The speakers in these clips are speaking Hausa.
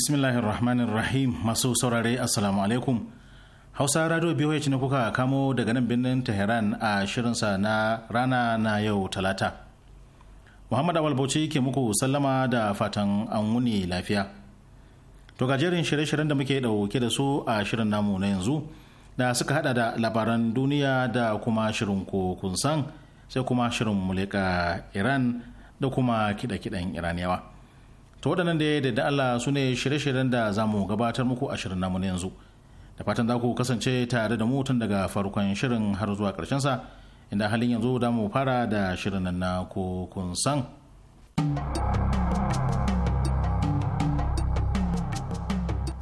bismillahirrahmanirrahim masu saurare assalamu alaikum hausa radio bih na kuka kamo daga nan birnin tehran a shirinsa na rana na yau talata muhammad awal bauchi ke muku sallama da fatan an wuni lafiya to gajerin shirye-shiryen da muke dauke da su a shirin namu na yanzu da suka hada da labaran duniya da kuma shirin kokun san sai kuma shirin mulika iran da kuma kida-kidan iraniyawa to waɗannan da da Allah su ne shirye-shiryen da za mu gabatar muku a shirin namu yanzu da fatan za ku kasance tare da mu tun daga farkon shirin har zuwa ƙarshen sa inda halin yanzu da mu fara da shirin nan na kun san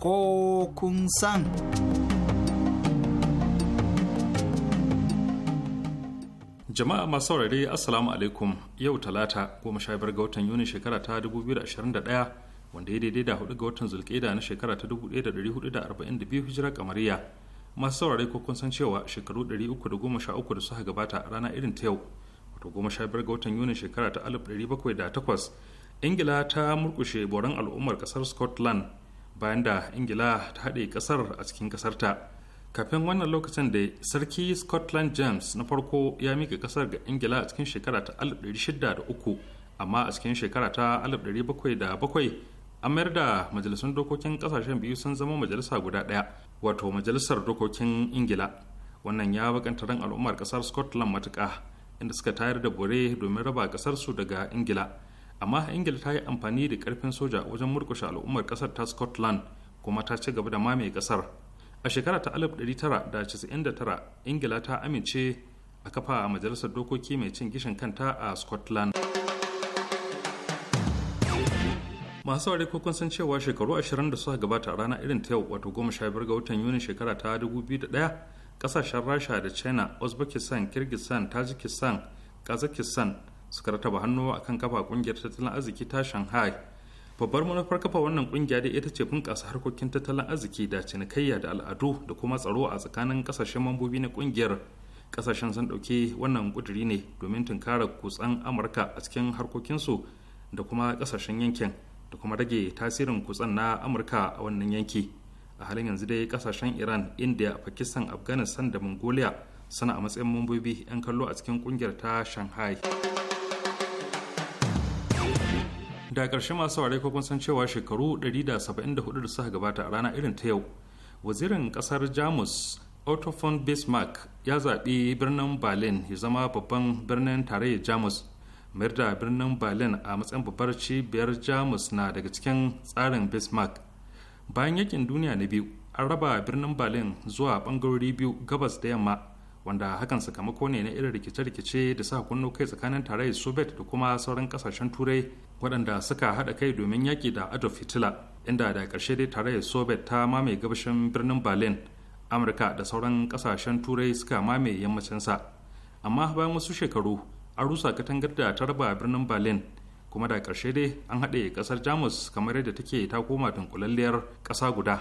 ko kun san Jama'a masu saurare Assalamu alaikum yau talata goma sha biyar ga watan Yuni shekara ta 2021 wanda ya daidai da hudu ga watan Zulkeda na shekara ta 1442 hijira kamariya. Masu saurare ko kun san cewa shekaru 313 da suka gabata rana irin ta yau wato goma sha biyar ga watan Yuni shekara ta takwas Ingila ta murkushe boran al'ummar kasar Scotland bayan da Ingila ta haɗe ƙasar a cikin kasarta. kafin wannan lokacin da sarki scotland james na farko ya mika kasar ga ingila a cikin shekara ta 1603 amma a cikin shekara ta 1707 an mayar da majalisun dokokin ƙasashen biyu sun zama majalisa guda daya wato majalisar dokokin ingila wannan ya bakanta ran al'ummar kasar scotland matuka inda suka tayar da bore domin raba kasar su daga ingila amma ingila ta yi amfani da karfin soja wajen murkushe al'ummar kasar ta scotland kuma ta ci gaba da mamaye kasar. a shekara ta 1999 ingila ta amince a kafa a majalisar dokoki mai cin gishin kanta a scotland masu ware kun san cewa shekaru 20 da suka gabata rana irin ta yau wato 15 ga watan yuni shekara ta 2001 kasashen rasha da china uzbekistan kyrgyzstan tajikistan kazakistan suka rataba hannu akan kafa kungiyar tattalin arziki ta shanghai babbar manufar kafa wannan kungiya dai ita ce bunkasa harkokin tattalin arziki da cinikayya da al'adu da kuma tsaro a tsakanin kasashen mambobi na kungiyar kasashen sun ɗauki wannan ƙuduri ne domin tunkara kutsan amurka a cikin harkokinsu da kuma kasashen yankin da kuma rage tasirin kutsan na amurka a wannan yanki a halin yanzu dai kasashen iran india pakistan afghanistan da mongolia suna a matsayin mambobi 'yan kallo a cikin kungiyar ta shanghai da karshe masu ware kun san cewa shekaru 174 da suka gabata a rana irin ta yau wazirin ƙasar jamus otto von bismarck ya zaɓi birnin berlin ya zama babban birnin tarayyar jamus mayar da birnin berlin a matsayin babbar cibiyar jamus na daga cikin tsarin bismarck bayan yakin duniya na biyu an raba birnin berlin zuwa bangarori biyu gabas da yamma wanda hakan sakamako ne na irin rikice-rikice da sa kunno kai tsakanin tarayyar soviet da kuma sauran kasashen turai waɗanda suka haɗa kai domin yaƙi da adolf hitler inda da ƙarshe dai tare da soviet ta mamaye gabashin birnin berlin amurka da sauran ƙasashen turai suka mamaye sa amma bayan wasu shekaru an rusa katangar da ta raba birnin berlin kuma da ƙarshe dai an haɗe ƙasar jamus kamar yadda take ta koma dunkulalliyar ƙasa guda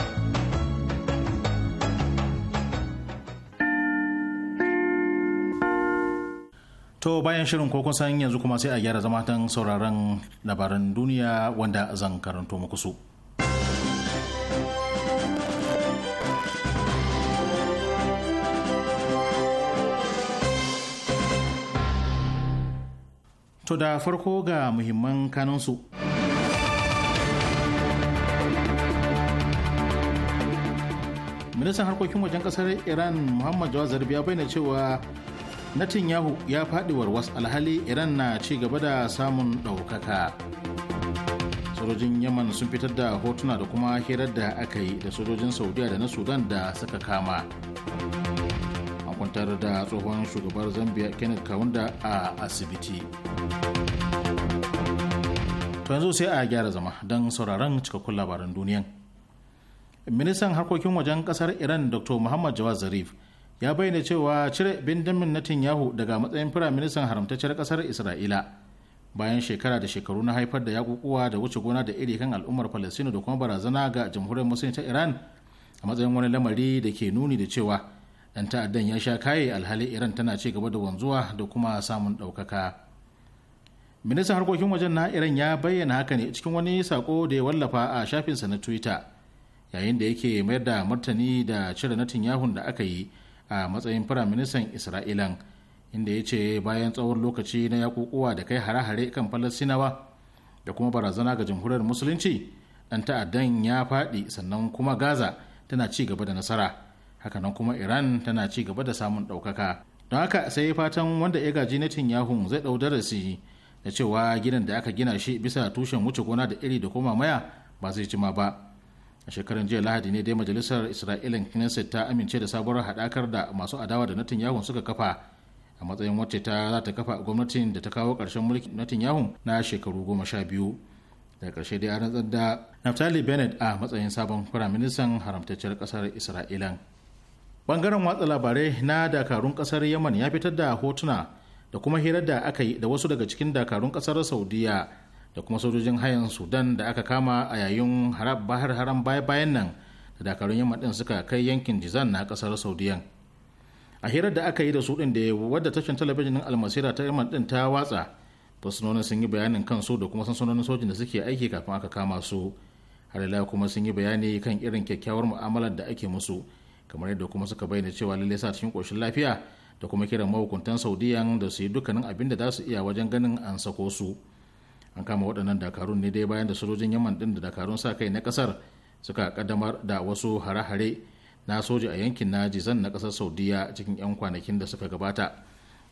To bayan shirin ko kun san yanzu kuma sai a gyara zama tan sauraron labaran duniya wanda zan karanto muku su. To da farko ga muhimman kanansu. Ministan harkokin wajen kasar Iran Muhammad Jawad Zarbi ya bayyana cewa Netanyahu ya faɗi warwas alhali Iran na ci gaba da samun ɗaukaka. Sojojin Yaman sun fitar da hotuna da kuma hirar da aka yi da sojojin Saudiya da na Sudan da suka kama. An kwantar da tsohon shugabar Zambia Kenneth Kaunda a asibiti. To yanzu sai a gyara zama don sauraron cikakkun labaran duniyan. Ministan harkokin wajen kasar Iran Dr. Muhammad Jawad Zarif ya bayyana cewa cire bindimin benjamin yahu daga matsayin firaministan haramtacciyar kasar isra'ila bayan shekara da shekaru na haifar da yakukuwa da wuce gona da iri kan al'ummar palestina da kuma barazana ga jamhuriyar musulmi ta iran a matsayin wani lamari da ke nuni da cewa dan ta'addan ya sha kaye alhali iran tana ci gaba da wanzuwa da kuma samun ɗaukaka ministan harkokin wajen na iran ya bayyana haka ne cikin wani sako da ya wallafa a shafinsa na twitter yayin da yake mayar da martani da cire natin yahun da aka yi a matsayin firaministan isra'ilan inda ya ce bayan tsawon lokaci na yakukuwa da kai hare-hare kan falastinawa da kuma barazana ga jamhuriyar musulunci dan ta'addan ya faɗi sannan kuma gaza tana ci gaba da nasara hakanan kuma iran tana ci gaba da samun ɗaukaka don haka sai fatan wanda ya gaji na yahun zai ɗau darasi da cewa gidan da aka gina shi bisa tushen wuce gona da iri da koma maya ba zai jima ba a shekaran jiya lahadi ne dai majalisar isra'ilin knesset ta amince da sabuwar hadakar da masu adawa da yahun suka kafa a matsayin wacce ta za ta kafa gwamnatin da ta kawo ƙarshen natin yahun na shekaru goma sha biyu da karshe dai an rantsar da naftali bennett a matsayin sabon firaministan haramtacciyar kasar isra'ilan bangaren watsa labarai na dakarun ƙasar yaman ya fitar da hotuna da kuma hirar da aka yi da wasu daga cikin dakarun ƙasar saudiya da kuma sojojin hayan sudan da aka kama a yayin bahar haram baya-bayan nan da dakarun yamma din suka kai yankin jizan na kasar saudiyan a hirar da aka yi da su din da wadda tashin talabijin din almasira ta yamma din ta watsa fasinonin sun yi bayanin su da kuma sansanonin sojin da suke aiki kafin aka kama su har kuma sun yi bayani kan irin kyakkyawar mu'amalar da ake musu kamar yadda kuma suka bayyana cewa lallai sa cikin koshin lafiya da kuma kiran mahukuntan saudiyan da su yi dukkanin abin da za su iya wajen ganin an sako su. an kama waɗannan dakarun ne dai bayan da sojojin yaman ɗin da dakarun sa kai na ƙasar suka kaddamar da wasu hare-hare na soja a yankin na jizan na ƙasar saudiya cikin 'yan kwanakin da suka gabata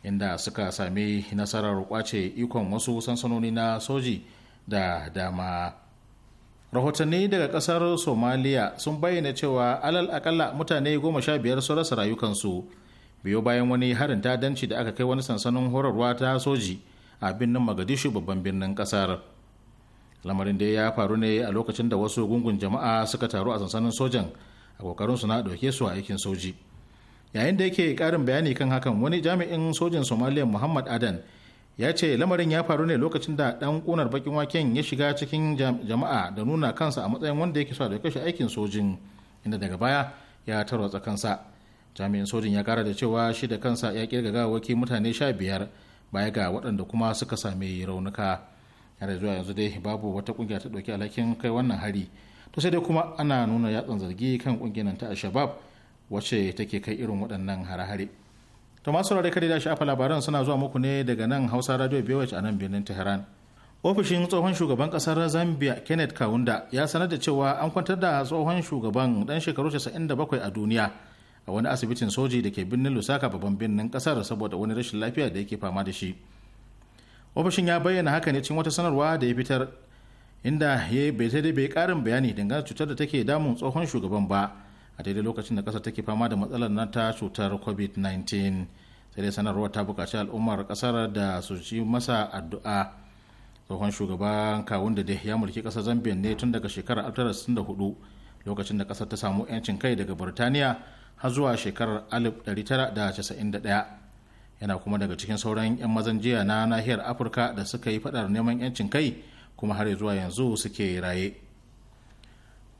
inda suka sami nasarar kwace ikon wasu sansanoni na soji da dama rahotanni daga ƙasar somaliya sun bayyana cewa alal akalla mutane goma sha biyar su rasa rayukansu biyo bayan wani harin tadanci da aka kai wani sansanin horarwa ta soji a birnin magadishu babban birnin kasar lamarin da ya faru ne a lokacin da wasu gungun jama'a suka taru a sansanin sojan a kokarin su na ɗauke su a aikin soji yayin da yake karin bayani kan hakan wani jami'in sojin somaliya muhammad adan ya ce lamarin ya faru ne lokacin da ɗan kunar bakin waken ya shiga cikin jama'a da nuna kansa a matsayin wanda yake so a ɗauke shi aikin sojin inda daga baya ya tarwatsa kansa jami'in sojin ya kara da cewa shi da kansa ya kirga gawaki mutane sha biyar baya ga waɗanda kuma suka sami raunuka yana zuwa yanzu dai babu wata kungiya ta ɗauki alhakin kai wannan hari to sai dai kuma ana nuna yatsan zargi kan kungiyar ta shabab wacce take kai irin waɗannan hare-hare to masu rarrai kare da shafa labaran suna zuwa muku ne daga nan hausa radio bewach a nan birnin tehran ofishin tsohon shugaban kasar zambia kenneth kawunda ya sanar da cewa an kwantar da tsohon shugaban dan shekaru 97 a duniya a wani asibitin soji da ke birnin lusaka babban birnin kasar saboda wani rashin lafiya da yake fama da shi ofishin ya bayyana haka ne cikin wata sanarwa da ya fitar inda ya bai sai dai bai karin bayani dangane cutar da take damun tsohon shugaban ba a daidai lokacin da kasar take fama da matsalar na ta cutar covid-19 sai dai sanarwar ta bukaci al'ummar kasar da su ci masa addu'a tsohon shugaban kawun da ya mulki kasar zambia ne tun daga shekarar 1964 lokacin da kasar ta samu 'yancin kai daga burtaniya har zuwa shekarar 1991 yana kuma daga cikin sauran 'yan mazan jiya na nahiyar afirka da suka yi fadar neman 'yancin kai kuma har zuwa yanzu suke raye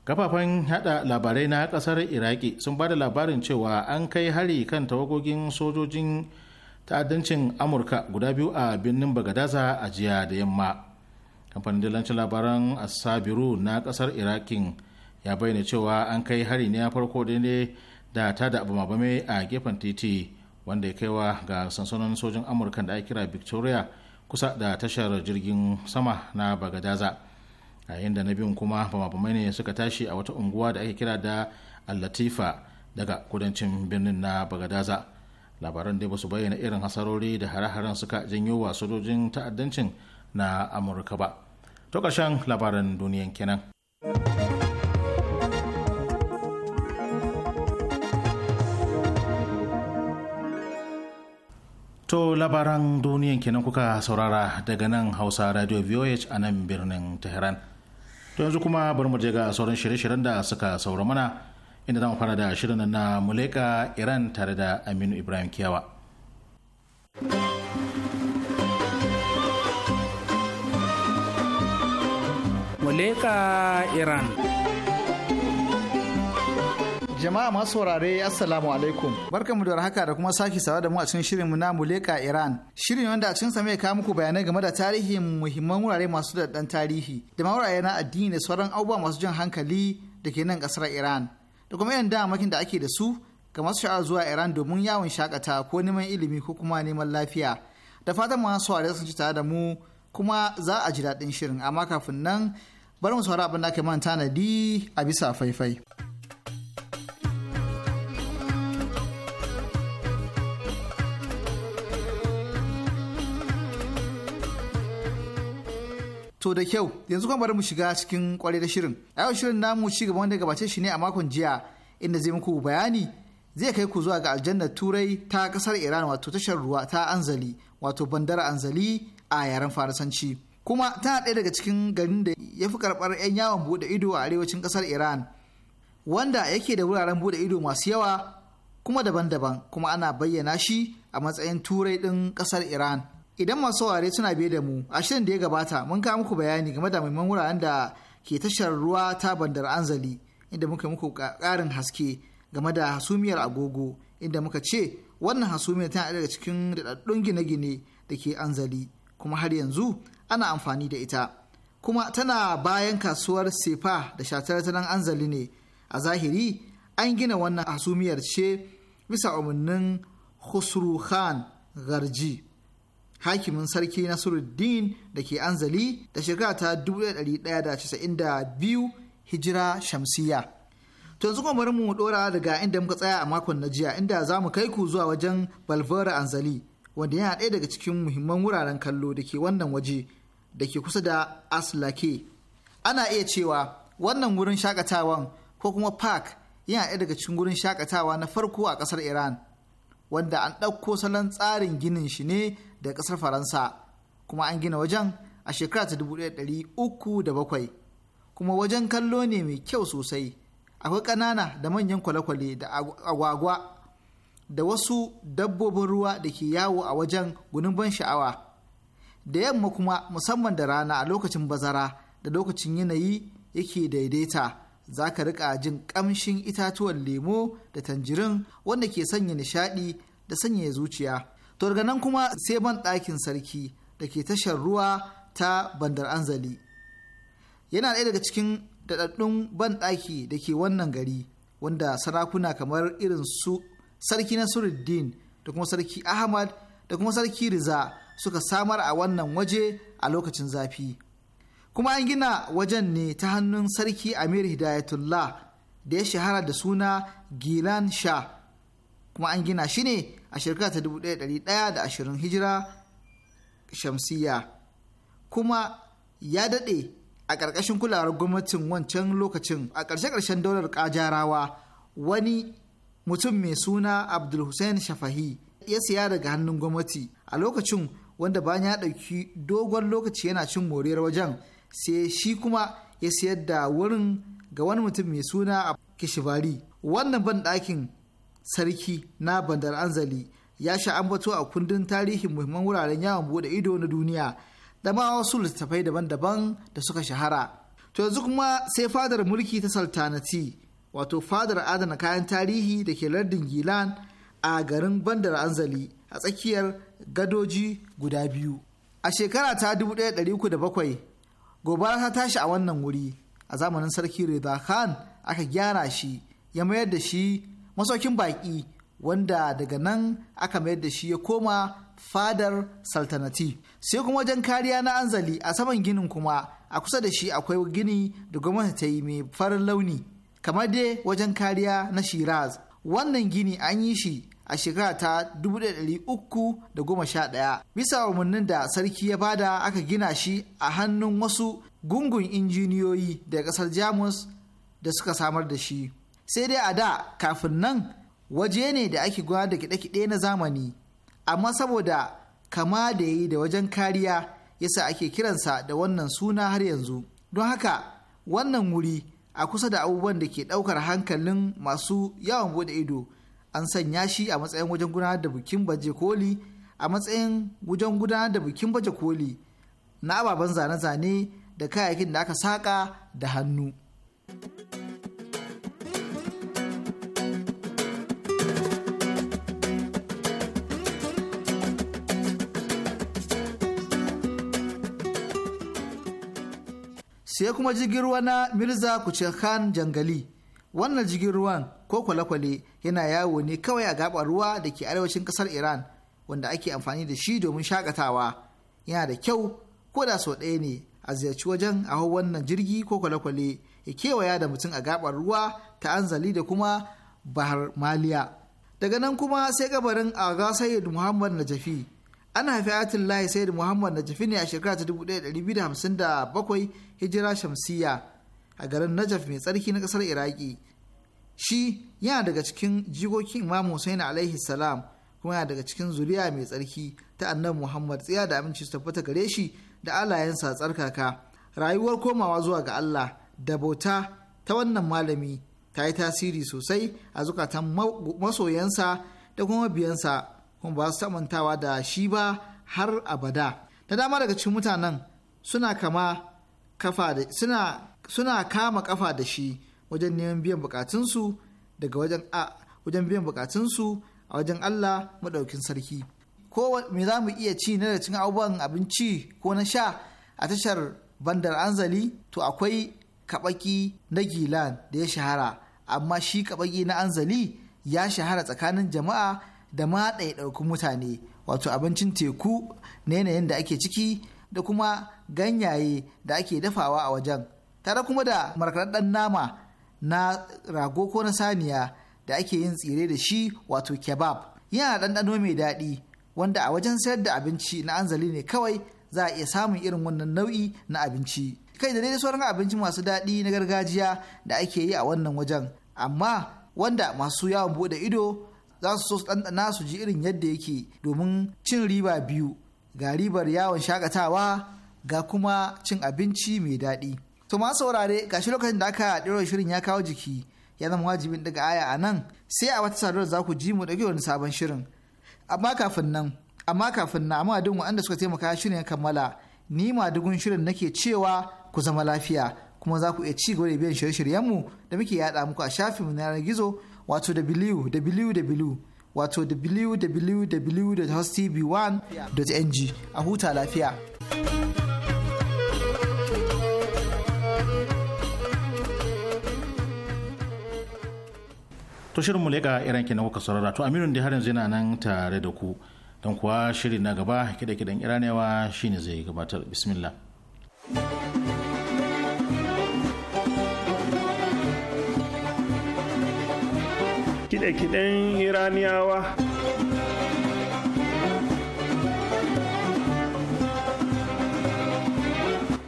kafafen hada labarai na kasar iraki sun ba da labarin cewa an kai hari kan tawagogin sojojin ta'addancin amurka guda biyu a birnin bagadaza a jiya da yamma kamfanin dillancin labaran asabiru na kasar irakin ya bayyana cewa an kai hari ne farko da ne da ta da abu mabame a gefen titi wanda ya kaiwa ga sansanonin sojin amurka da ake kira victoria kusa da tashar jirgin sama na bagadaza a da na biyun kuma bamabamai ne suka tashi a wata unguwa da ake kira da allatifa daga kudancin birnin na bagadaza labaran da ba su bayyana irin hasarori da hare-haren suka janyo wa sojojin ta'addancin na amurka ba to ƙarshen labaran duniyan kenan. To labaran duniyan kenan kuka saurara daga nan Hausa Radio VOH a nan birnin Tehran. To yanzu kuma bari mu je ga sauran shirye-shiryen da suka saura mana inda zamu fara da shirin na Muleka Iran tare da Aminu Ibrahim Kiyawa. Muleka Iran. Jama'a masu saurare Assalamu alaikum. Barkanmu da warhaka da kuma sake sawa da mu a cikin shirinmu na Muleka Iran. Shirin wanda a cikin sa mai kawo muku bayanai game da tarihin muhimman wurare masu da dan tarihi da ma wurare na addini da sauran abubuwa masu jan hankali da ke nan kasar Iran. Da kuma irin damakin da ake da su ga masu sha'awar zuwa Iran domin yawon shakata ko neman ilimi ko kuma neman lafiya. Da fatan masu saurare sun ci tare da mu kuma za a ji daɗin shirin amma kafin nan bari mu saurari abin da aka manta na di a bisa faifai. To da kyau yanzu kuma bari mu shiga cikin kwarai da shirin. A yau shirin namu ci gaba wanda gabace shi ne a makon jiya inda zai muku bayani zai kai ku zuwa ga aljannar turai ta kasar Iran wato tashar ruwa ta Anzali wato bandar Anzali a yaren Farisanci. Kuma tana ɗaya daga cikin garin da ya fi karɓar 'yan yawon buɗe ido a arewacin ƙasar Iran wanda yake da wuraren buɗe ido masu yawa kuma daban-daban kuma ana bayyana shi a matsayin turai ɗin kasar Iran. idan masu saurare suna biye da mu a shirin da ya gabata mun kawo muku bayani game da muhimman wuraren da ke tashar ruwa ta bandar anzali inda muka muku karin haske game da hasumiyar agogo inda muka ce wannan hasumiyar tana daga cikin daɗaɗɗun gine-gine da ke anzali kuma har yanzu ana amfani da ita kuma tana bayan kasuwar sefa da shatar tanan anzali ne a zahiri an gina wannan hasumiyar ce bisa umarnin khusru khan garji hakimin sarki Nasiruddin da ke Anzali da shekara ta 1192 hijira shamsiya. To yanzu kuma bari mu dora daga inda muka tsaya a makon na jiya inda za mu kai ku zuwa wajen Balvera Anzali wanda yana ɗaya daga cikin muhimman wuraren kallo da ke wannan waje da ke kusa da Aslake. Ana iya cewa wannan wurin shakatawan ko kuma park yana ɗaya daga cikin wurin shakatawa na farko a ƙasar Iran. wanda an ɗauko salon tsarin ginin shi ne da ƙasar faransa kuma an gina wajen a shekara ta dubu ɗaya da uku bakwai, kuma wajen kallo ne mai kyau sosai akwai ƙanana da manyan kwale-kwale da agwagwa da wasu dabbobin ruwa da ke yawo a wajen gunin ban sha'awa da yamma kuma musamman da rana a lokacin bazara da lokacin yanayi yake daidaita za ka riƙa jin ƙamshin itatuwan lemo da tanjirin wanda ke sanya nishaɗi da sanya zuciya. To daga nan kuma sai ban ɗakin sarki da ke tashar ruwa ta bandar anzali. Yana ɗaya daga cikin daɗaɗɗun ban ɗaki da ke wannan gari wanda sarakuna kamar irin su sarki Nasiruddin da kuma sarki Ahmad da kuma sarki Riza suka samar a wannan waje a lokacin zafi. kuma an gina wajen ne ta hannun sarki amir hidayatullah da ya shahara da suna gilan sha kuma an gina shi ne a shekara ta 1120 hijira shamsiya kuma ya daɗe a ƙarƙashin kulawar gwamnatin wancan lokacin a ƙarshe-ƙarshen daular ƙajarawa wani mutum mai suna abdul hussein shafahi ya siya daga hannun gwamnati a lokacin wanda bayan ya ɗauki dogon lokaci yana cin moriyar wajen sai shi kuma ya sayar da wurin ga wani mutum mai suna a kishibari wannan banɗakin sarki na bandar anzali ya sha ambato a kundin tarihin muhimman wuraren yawon bude ido na duniya da ma wasu littattafai daban-daban da suka shahara to yanzu kuma sai fadar mulki ta sultanati wato fadar adana kayan tarihi da ke lardin gilan a garin bandar anzali a tsakiyar gadoji guda biyu a shekara ta bakwai. gobara ta tashi a wannan wuri a zamanin sarki Reza Khan aka gyara shi ya mayar da shi masaukin baƙi wanda daga nan aka mayar da shi ya koma fadar saltanati sai kuma wajen kariya na anzali a saman ginin kuma a kusa da shi akwai gini da gwamnati ta yi mai farin launi kamar dai wajen kariya na shiraz wannan gini an yi shi a shekara ta 1311 bisa umarnin da sarki ya bada aka gina shi a hannun wasu gungun injiniyoyi da kasar jamus da suka samar da shi sai dai a da kafin nan waje ne da ake gudanar da kiɗe-kiɗe na zamani amma saboda kama da yi da wajen kariya yasa ake kiransa da wannan suna har yanzu don haka wannan wuri a kusa da abubuwan da ke ɗaukar hankalin masu yawan bude ido an sanya shi a matsayin wajen gudanar da bikin baje koli a matsayin wajen gudanar da bikin baje koli na ababen zane-zane da kayayyakin da aka saƙa da hannu. sai kuma jirgin ruwa na Mirza Kuchekhan Jangali wannan jirgin ruwan ko kwale-kwale yana yawo ne kawai a gabar ruwa da ke arewacin kasar iran wanda ake amfani da shi domin shakatawa yana da kyau ko da sau ɗaya ne a ziyarci wajen a wannan jirgi ko kwale-kwale ya kewaya da mutum a gabar ruwa ta anzali da kuma bahar maliya daga nan kuma sai kabarin aga sayyid muhammad najafi ana haifi ayatullahi sayyid muhammad najafi ne a shekara ta 1257 hijira shamsiyya a garin najaf mai tsarki na ƙasar iraki shi yana daga cikin jikokin imam hussein alaihi salam kuma yana daga cikin zuriya mai tsarki ta annabi muhammad tsiya da aminci su tabbata gare shi da alayensa tsarkaka rayuwar komawa zuwa ga allah da bauta ta wannan malami ta yi tasiri sosai a zukatan masoyansa da kuma biyansa, kuma ba su tamantawa da shi ba har abada da dama daga cikin mutanen suna kama kafa da suna suna kama kafa da shi wajen neman biyan bukatunsu daga wajen a wajen biyan bukatunsu a wajen Allah madaukin sarki ko me za mu iya ci na da cin abubuwan abinci ko na sha a tashar bandar anzali to akwai kabaki na gilan da ya shahara amma shi kabaki na anzali ya shahara tsakanin jama'a da ma ɗaukun mutane wato abincin teku na yanayin da ake ciki da kuma ganyaye da ake dafawa a wajen tare kuma da markaɗaɗɗen nama na rago ko na saniya da ake yin tsire da shi wato kebab yana ɗanɗano mai daɗi wanda a wajen sayar da abinci na anzali ne kawai za a iya samun irin wannan nau'i na abinci kai da dai sauran abinci masu daɗi na gargajiya da ake yi a wannan wajen amma wanda masu yawon buɗe ido za su so su ɗanɗana su ji irin yadda yake domin cin riba biyu ga ribar yawon shakatawa ga kuma cin abinci mai daɗi. To ma saurare gashi lokacin da aka ɗiro shirin ya kawo jiki ya zama wajibin daga aya a nan sai a wata sadarwar za ku ji mu ɗauke wani sabon shirin. Amma kafin nan, amma kafin na amma duk waɗanda suka taimaka shirin ya kammala ni ma dugun shirin nake cewa ku zama lafiya kuma za ku iya ci gaba da biyan shirye-shiryenmu da muke yaɗa muku a mu na yanar gizo wato www wato www.hostv1.ng a huta lafiya. to shirin mu leƙa iran kenan kuka saurara to aminu da har yanzu yana nan tare da ku don kuwa shiri na gaba kiɗe-kiɗen iranewa shine zai gabatar bismillah kiɗe-kiɗen iraniyawa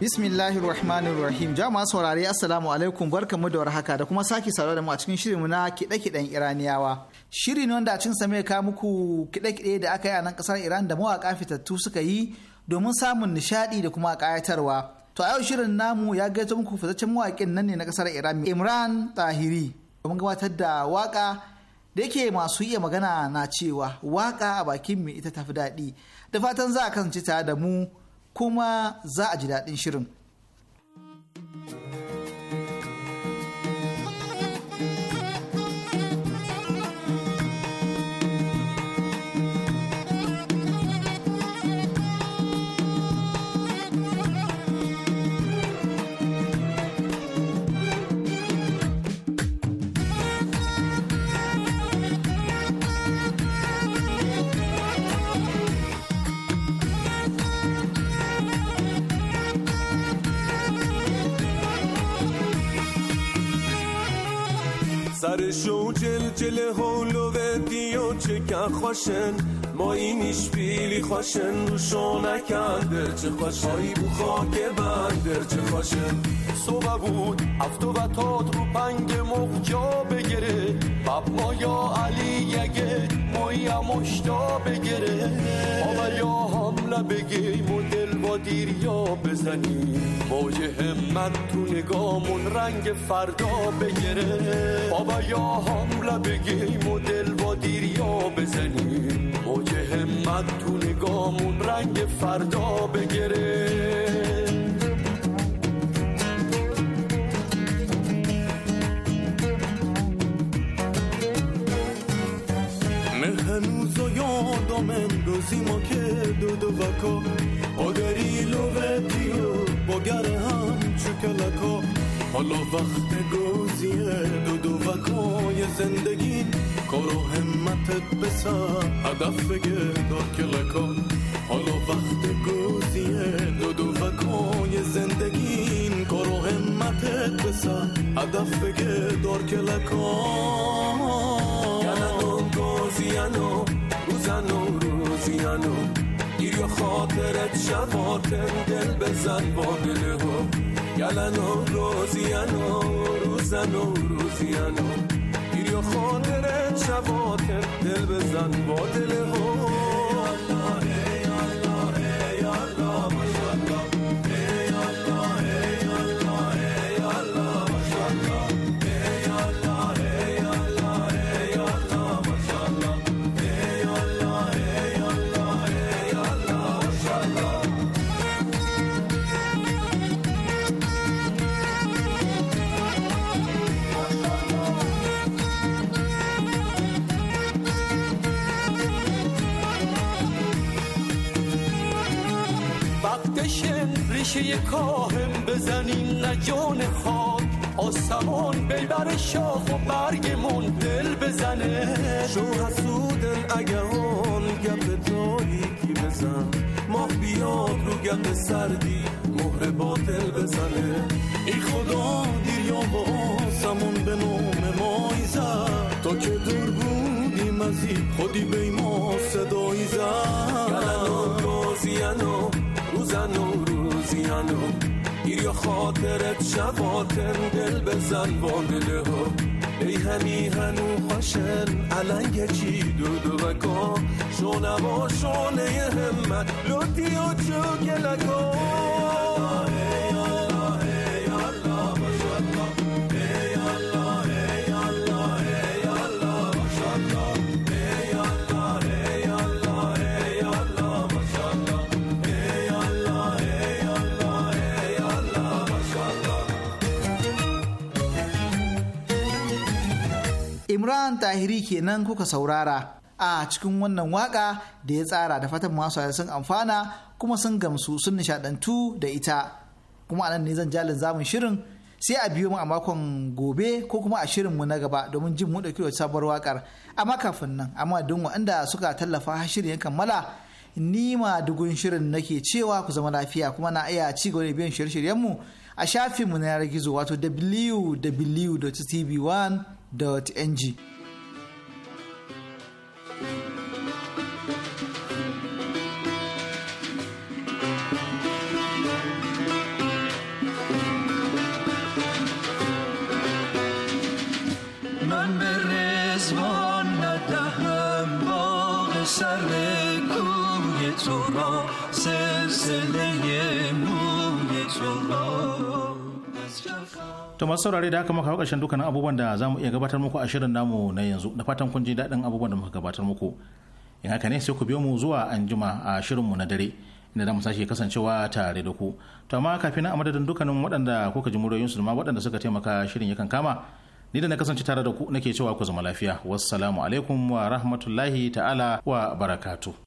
Bismillahir Rahmanir Rahim. Jama'a saurare Assalamu alaikum barka mu da warhaka da kuma sake saurare da mu a cikin shirinmu na kiɗe-kiɗen Iraniyawa. shirin ne wanda a cikin mai ka muku kiɗe-kiɗe da aka yi a nan kasar Iran da mawaƙa fitattu suka yi domin samun nishaɗi da kuma kayatarwa. To a yau shirin namu ya gaito muku fitaccen mawaƙin nan ne na kasar Iran Imran Tahiri domin gabatar da waƙa da yake masu iya magana na cewa waƙa a bakin mu ita tafi daɗi. Da fatan za a kasance tare da mu kuma za a ji daɗin shirin سرشو جلجل و دیو چکن خوشن ما اینیش بیلی خوشن روشو نکرده چه خوشایی بو خاک بندر چه خوشن صبح بود افتو و تاد رو پنگ مخجا بگره باب ما یا علی یگه ما یا مشتا بگیره آبا یا حمله بگی دیر دیریا بزنی موج همت تو نگامون رنگ فردا بگیره بابا یا حمله بگیم و دل با بزنی بزنی موج همت تو نگامون رنگ فردا بگیره هنوز و یادم امروزی ما که دو دو Poderi lovetiyo bogar ham چکلکا حالا وقت گوزیه دو دو وکای زندگی کار و همتت بسر هدف بگردار کلکا حالا وقت گوزیه دو دو وکای زندگی کار و همتت بسر هدف بگردار کلکا یعنی گوزیانو روزانو روزیانو خاطرت شفاتم دل بزن با ها گلن و روزین و روزن و روزین و گیری خاطرت شفاتم دل بزن با ها یه کاهم بزنیم نجان خاک آسمان بیبر شاخ و برگمون دل بزنه شو حسود اگه هم گپ تاریکی بزن ماه بیاد رو گپ سردی مهر باطل بزنه ای خدا دیریا با آسمان به نام مای زد تا که دور بودیم از خودی بی ما صدایی زد گلن و میانو یا خاطرت شباتن دل بزن با دله ها ای همی هنو خاشن علنگ چی دو دو وکا شونه با شونه همت لطی و چو گلکا imran tahiri kenan kuka saurara a cikin wannan waka da ya tsara da fatan masu sun amfana kuma sun gamsu sun nishadantu da ita kuma anan ne zan jalin zamun shirin sai a biyo mu a makon gobe ko kuma a shirin mu na gaba domin jin mu dauki wata sabuwar wakar amma kafin nan amma don waɗanda suka tallafa shirin ya kammala ni ma dugun shirin nake cewa ku zama lafiya kuma na iya ci gaba da biyan shirye-shiryen mu a shafin mu na yanar gizo wato www.tv1 ng To masu saurare da haka muka hau ƙarshen dukkanin abubuwan da za mu iya gabatar muku a shirin namu na yanzu da fatan kun ji daɗin abubuwan da muka gabatar muku. In haka ne sai ku biyo mu zuwa anjima a shirin mu na dare inda za mu sake kasancewa tare da ku. To amma kafin a madadin dukkanin waɗanda kuka ji muryoyinsu su ma waɗanda suka taimaka shirin yakan kama ni da na kasance tare da ku nake cewa ku zama lafiya. Wassalamu alaikum wa rahmatullahi ta'ala wa barakatu.